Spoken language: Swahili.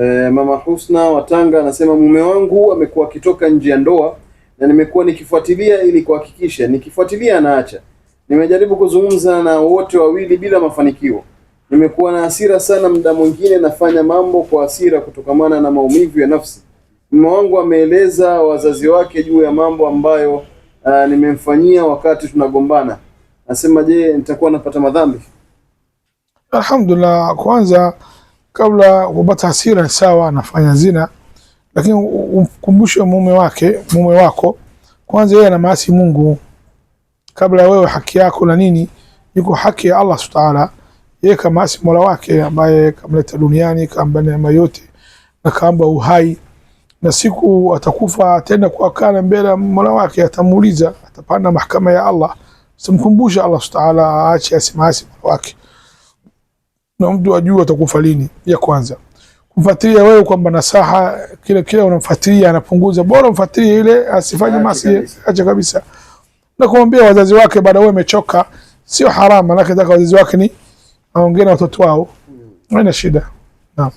E, Mama Husna wa Tanga anasema mume wangu amekuwa akitoka nje ya ndoa na nimekuwa nikifuatilia ili kuhakikisha, nikifuatilia anaacha. Nimejaribu kuzungumza na wote wawili bila mafanikio. Nimekuwa na hasira sana, muda mwingine nafanya mambo kwa hasira kutokamana na maumivu ya nafsi. Mume wangu ameeleza wazazi wake juu ya mambo ambayo uh, nimemfanyia wakati tunagombana. Nasema je, nitakuwa napata madhambi? Alhamdulillah, kwanza kabla kupata hasira, sawa, anafanya zina, lakini umkumbushe mume wake, mume wako kwanza, yeye anamasi Mungu kabla wewe haki yako na nini, yuko haki ya Allah subhanahu wa ta'ala. Yeye kamaasi mola wake ambaye kamleta duniani, kampa neema yote na kaamba uhai, na siku atakufa tena kwa kana mbele mola wake, atamuuliza, atapanda mahakama ya Allah. simkumbusha Allah subhanahu wa ta'ala, aache asimaasi mola wake na mtu ajue atakufa lini. Ya kwanza kumfuatilia wewe kwamba nasaha kila kila unamfuatilia anapunguza, bora mfuatilie ile asifanye maasi, acha kabisa. Na kumwambia wazazi wake baada wewe umechoka, sio harama, lakini wazazi wake ni aongee na watoto wao, haina shida. Naam.